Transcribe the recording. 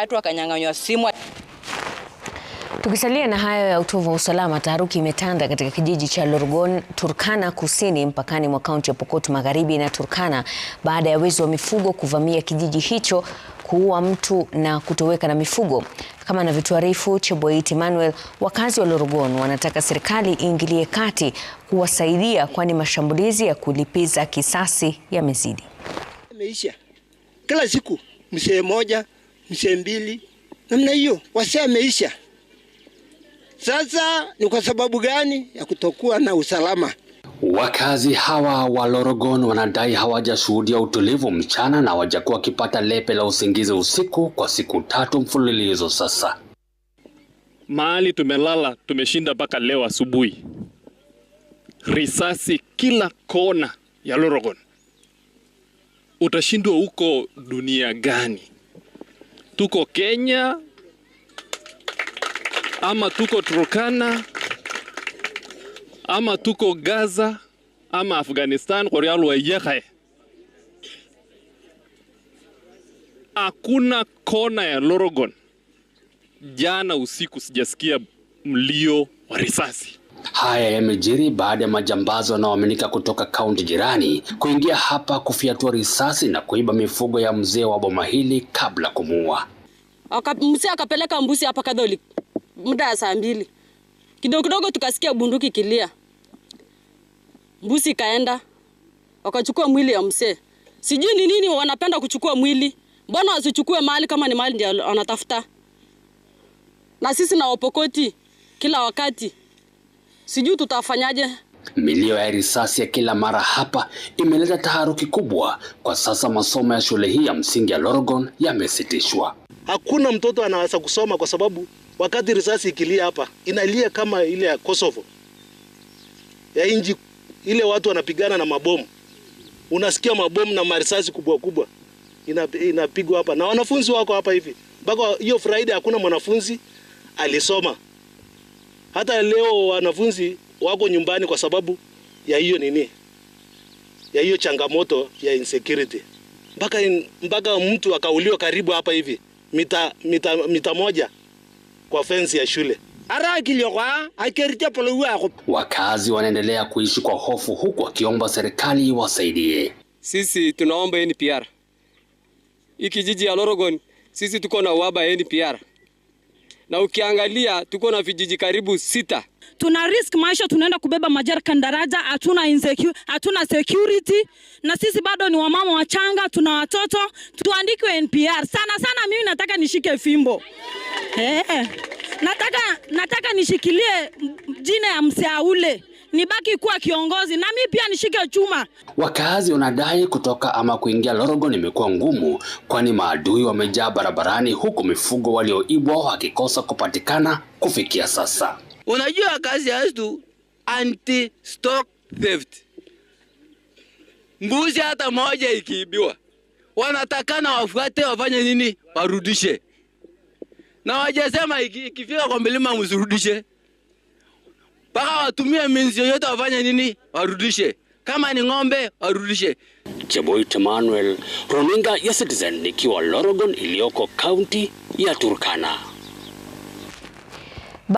watu wakanyang'anywa simu. Tukisalia na hayo ya utovu wa usalama, taharuki imetanda katika kijiji cha Lorgon, Turkana Kusini, mpakani mwa kaunti ya Pokot Magharibi na Turkana baada ya wezi wa mifugo kuvamia kijiji hicho, kuua mtu na kutoweka na mifugo. Kama anavyotuarifu Cheboit Manuel, wakazi wa Lorgon wanataka serikali iingilie kati kuwasaidia, kwani mashambulizi ya kulipiza kisasi yamezidi. Imeisha kila siku msee moja mshe mbili namna hiyo, wasee ameisha. Sasa ni kwa sababu gani ya kutokuwa na usalama? Wakazi hawa wa Lorogon wanadai hawajashuhudia utulivu mchana na hawajakuwa wakipata lepe la usingizi usiku kwa siku tatu mfululizo sasa. Mahali tumelala tumeshinda mpaka leo asubuhi, risasi kila kona ya Lorogon. Utashindwa huko dunia gani? tuko Kenya ama tuko Turkana ama tuko Gaza ama Afghanistan qoryal wayaqe. Hakuna kona ya Lorogon jana usiku sijasikia mlio wa risasi. Haya yamejiri baada ya majambazi wanaoaminika kutoka kaunti jirani kuingia hapa kufiatua risasi na kuiba mifugo ya mzee wa boma hili kabla kumuua msi akapeleka mbusi hapa Catholic muda ya saa mbili, kidogo kidogo tukasikia bunduki kilia, mbusi kaenda, wakachukua mwili ya msee. Sijui ni nini wanapenda kuchukua mwili, mbona wasichukue mali kama ni mali ndio wanatafuta? Na sisi na wapokoti kila wakati, sijui tutafanyaje. Milio ya risasi ya kila mara hapa imeleta taharuki kubwa. Kwa sasa masomo ya shule hii ya msingi ya Lorogon yamesitishwa hakuna mtoto anaweza kusoma kwa sababu wakati risasi ikilia hapa inalia kama ile ya Kosovo ya inji ile watu wanapigana na mabomu, unasikia mabomu na marisasi kubwa kubwa inapigwa hapa, na wanafunzi wako hapa hivi. Mpaka hiyo Friday hakuna mwanafunzi alisoma. Hata leo wanafunzi wako nyumbani kwa sababu ya hiyo nini, ya hiyo changamoto ya insecurity, mpaka mpaka mtu akauliwa karibu hapa hivi mita, mita, mita moja kwa fensi ya shule. Wakazi wanaendelea kuishi kwa hofu huku wakiomba serikali iwasaidie Sisi tunaomba NPR. ikijiji ya Lorogon sisi tuko na uaba NPR na ukiangalia tuko na vijiji karibu sita. Tuna risk maisha, tunaenda kubeba majerikani daraja, hatuna insecure, hatuna security, na sisi bado ni wamama wachanga, tuna watoto. Tuandikwe NPR sana sana. Mimi nataka nishike fimbo eh, eh. nataka, nataka nishikilie jina ya ule nibaki kuwa kiongozi na mimi pia nishike chuma. Wakazi wanadai kutoka ama kuingia Lorogon imekuwa ngumu, kwani maadui wamejaa barabarani, huku mifugo walioibwa wakikosa kupatikana kufikia sasa. Unajua kazi yetu anti stock theft, mbuzi hata moja ikiibiwa wanatakana wafuate, wafanye nini? Warudishe, na wajasema ikifika kwa milima msirudishe mpaka watumie minzi yoyote wafanye nini, warudishe. Kama ni ng'ombe warudishe. Cheboit Emmanuel, runinga ya Citizen nikiwa Lorogon iliyoko kaunti ya Turkana.